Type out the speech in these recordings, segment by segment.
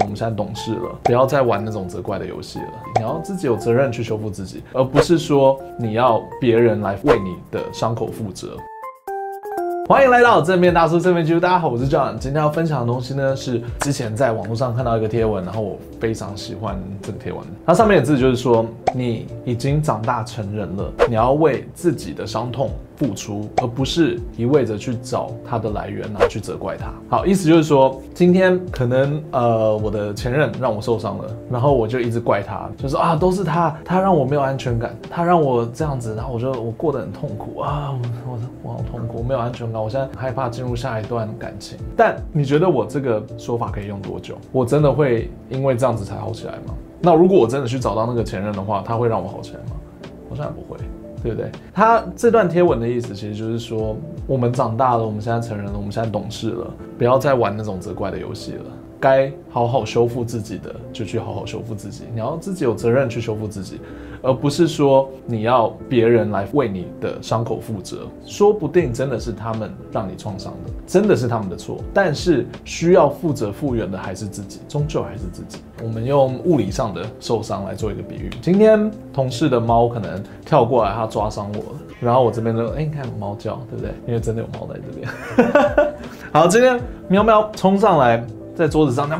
我們現在懂事了，不要再玩那種責怪的遊戲了。你要自己有責任去修復自己，而不是說你要別人來為你的傷口負責。歡迎來到正面大叔正面記錄，大家好，我是 John。今天要分享的東西呢，是之前在網絡上看到一個貼文，然後我非常喜歡這個貼文。它上面的字就是說。你已經長大成人了，你要為自己的傷痛付出，而不是一味着去找它的來源，然後去責怪他。好，意思就是說，今天可能呃，我的前任讓我受傷了，然後我就一直怪他，就是啊，都是他，他讓我沒有安全感，他讓我這樣子，然後我就我過得很痛苦啊，我我我好痛苦，我沒有安全感，我現在很害怕進入下一段感情。但你覺得我這個說法可以用多久？我真的會因為這樣子才好起來嗎？那如果我真的去找到那個前任的話，他會讓我好起來嗎？我想也不會，對不對？他這段貼文的意思其實就是說，我們長大了，我們現在成人了，我們現在懂事了，不要再玩那種責怪的遊戲了。該好好修復自己的就去好好修復自己，你要自己有責任去修復自己，而不是說你要別人來為你的傷口負責。說不定真的是他們讓你創傷的，真的是他們的錯，但是需要負責復原的還是自己，終究還是自己。我們用物理上的受傷來做一個比喻，今天同事的貓可能跳過來，他抓傷我了，然後我這邊就誒，你看有貓叫，對不對？因為真的有貓在這邊。 好，今天喵喵衝上來。在桌子上，那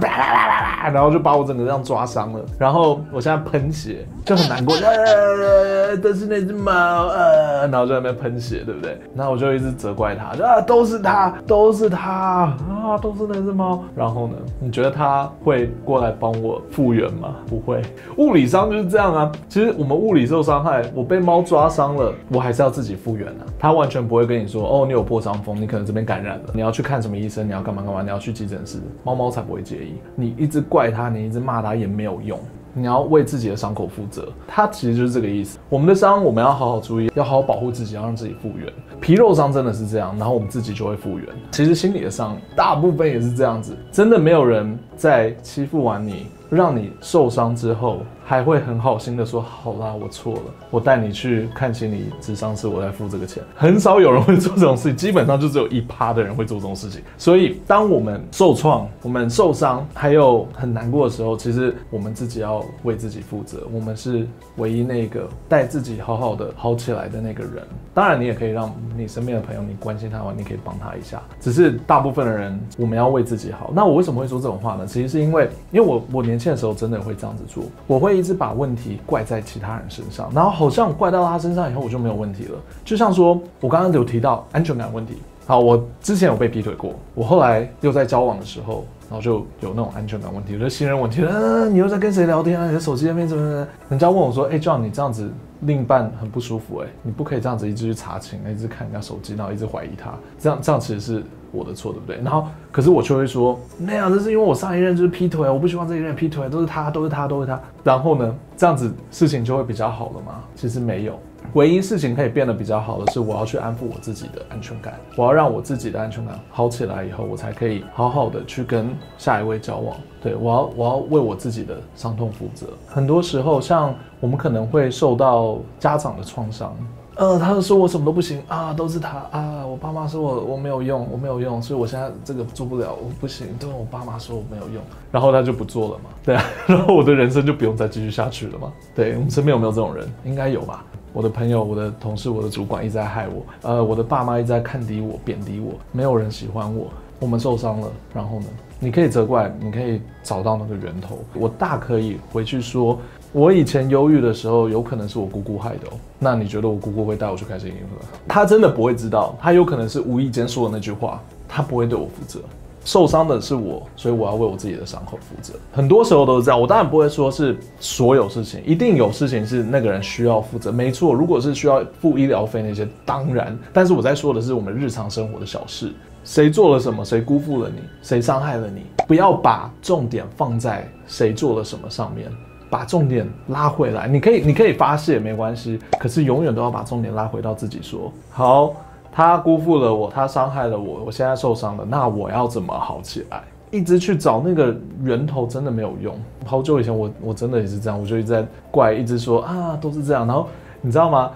然後就把我整個這樣抓傷了，然後我現在噴血就很難過，呃，都是那只貓，呃，然後就在那邊噴血，對不對？那我就一直責怪它，啊，都是它，都是它，啊，都是那只貓。然後呢，你覺得它會過來幫我復原嗎？不會，物理上就是這樣啊。其實我們物理受傷害，我被貓抓傷了，我還是要自己復原啊。它完全不會跟你說，哦，你有破傷風，你可能這邊感染了，你要去看什麼醫生，你要幹嘛幹嘛，你要去急診室，貓。貓才不會介意，你一直怪它，你一直罵它也沒有用。你要為自己的傷口負責，它其實就是這個意思。我們的傷，我們要好好注意，要好好保護自己，要讓自己復原。皮肉傷真的是這樣，然後我們自己就會復原。其實心理的傷，大部分也是這樣子，真的沒有人在欺負完你，讓你受傷之後。還會很好心的說：“好啦，我錯了，我帶你去看心理諮商師，我在付這個錢。”很少有人會做這種事情，基本上就只有一趴的人會做這種事情。所以，當我們受創、我們受傷、還有很難過的時候，其實我們自己要為自己負責，我們是唯一那個帶自己好好的好起來的那個人。當然，你也可以讓你身邊的朋友，你關心他的話，你可以幫他一下。只是大部分的人，我們要為自己好。那我為什麼會說這種話呢？其實是因為，因為我我年輕的時候真的會這樣子做，我會。一直把問題怪在其他人身上，然後好像怪到他身上以後，我就沒有問題了。就像說，我剛剛有提到安全感問題。好，我之前有被劈腿過，我後來又在交往的時候。然後就有那種安全感問題，有的信任問題嗯、啊，你又在跟誰聊天啊？你的手機那邊怎麼怎麼？人家問我說：“哎，Jon，你這樣子另一半很不舒服，欸。哎，你不可以這樣子一直去查寢，一直看人家手機，然後一直懷疑他。這樣這樣其實是我的錯，對不對？然後可是我卻會說沒有，這是因為我上一任就是劈腿，我不希望這一任劈腿，都是他，都是他，都是他。是他。然後呢，這樣子事情就會比較好了嗎？其實沒有。”唯一事情可以變得比較好的是，我要去安撫我自己的安全感，我要讓我自己的安全感好起來以後，我才可以好好的去跟下一位交往。對，我要我要為我自己的傷痛負責。很多時候，像我們可能會受到家長的創傷，嗯，他說我什麼都不行啊，都是他啊，我爸媽說我我沒有用，我沒有用，所以我現在這個做不了，我不行，都我爸媽說我沒有用，然後他就不做了嘛，對啊，然後我的人生就不用再繼續下去了嘛。對，我們身邊有沒有這種人？應該有吧。我的朋友、我的同事、我的主管一直在害我，呃，我的爸媽一直在看低我、貶低我，沒有人喜歡我，我們受傷了。然後呢？你可以責怪，你可以找到那個源頭。我大可以回去說，我以前憂鬱的時候，有可能是我姑姑害的喔。那你覺得我姑姑會帶我去開心一點嗎？她真的不會知道，她有可能是無意間說的那句話，她不會對我負責。受傷的是我，所以我要為我自己的傷口負責。很多時候都是這樣，我當然不會說是所有事情一定有事情是那個人需要負責。沒錯，如果是需要付醫療費那些，當然。但是我在說的是我們日常生活的小事，誰做了什麼，誰辜負了你，誰傷害了你，不要把重點放在誰做了什麼上面，把重點拉回來。你可以，你可以發洩，也沒關係，可是永遠都要把重點拉回到自己說好。他辜負了我，他傷害了我，我現在受傷了，那我要怎麼好起來？一直去找那個源頭真的沒有用。好久以前我我真的也是這樣，我就一直在怪，一直說啊都是這樣。然後你知道嗎？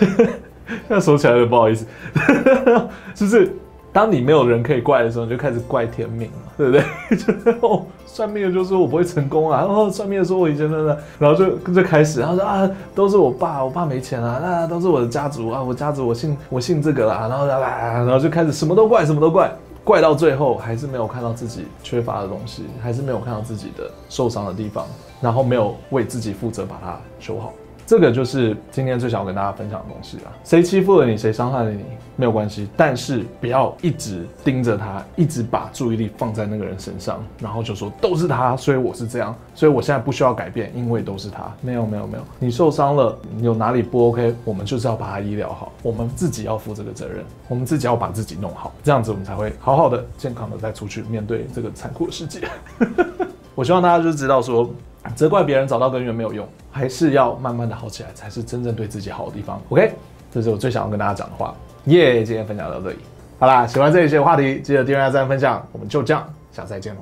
現 在說起來就不好意思， 就是不是？當你沒有人可以怪的時候，你就開始怪天命嘛，對不對？就最後、哦、算命的就說我不會成功啊，然、哦、後算命的說我以前在那，那，然後就就開始，然後說啊，都是我爸，我爸沒錢啊，那、啊、都是我的家族啊，我家族我姓我姓這個啦，然後啦、啊，然後就開始什麼都怪，什麼都怪，怪到最後還是沒有看到自己缺乏的東西，還是沒有看到自己的受傷的地方，然後沒有為自己負責把它修好。這個就是今天最想要跟大家分享的東西了啊。誰欺負了你，誰傷害了你，沒有關係，但是不要一直盯着他，一直把注意力放在那個人身上，然後就說都是他，所以我是這樣，所以我現在不需要改變，因為都是他。沒有，沒有，沒有，你受傷了，有哪裡不 OK，我們就是要把它醫療好，我們自己要負這個責任，我們自己要把自己弄好，這樣子我們才會好好的、健康的再出去面對這個殘酷的世界。 我希望大家就知道說。責怪別人，找到根源沒有用，還是要慢慢的好起來，才是真正對自己好的地方。OK，這是我最想要跟大家講的話。耶、yeah，今天分享到這裡，好啦，喜歡這一些話題，記得訂閱、按讚、分享，我們就這樣，下次再見。